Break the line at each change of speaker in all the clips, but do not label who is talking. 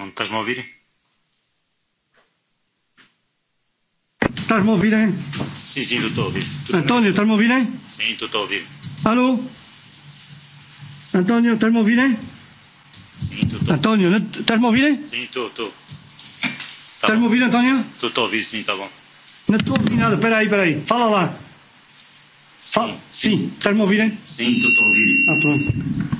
Onde estás-me a ouvir?
Estás-me a ouvir, hein? Eh?
Sim, sim, estou a ouvir.
Tu António, estás-me a ouvir, hein? Eh?
Sim, estou a ouvir.
Alô? António, estás-me a ouvir, hein? Eh?
Sim, estou.
António,
estás-me a ouvir, hein?
Sim, estou, estou. Tá Estás-me a ouvir, António? Estou a ouvir, sim, está bom.
Não estou a ouvir nada, espera aí, espera aí. Fala lá. Sim, Fala. sim. sim. Estás-me a ouvir, hein? Sim, estou a ouvir. Ah, pronto.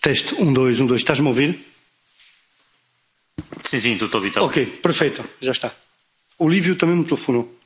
Teste, um, dois, um, dois. Estás-me a ouvir? Sim, sim, estou a ouvir. Ok, perfeito, já está. O Lívio também me telefonou.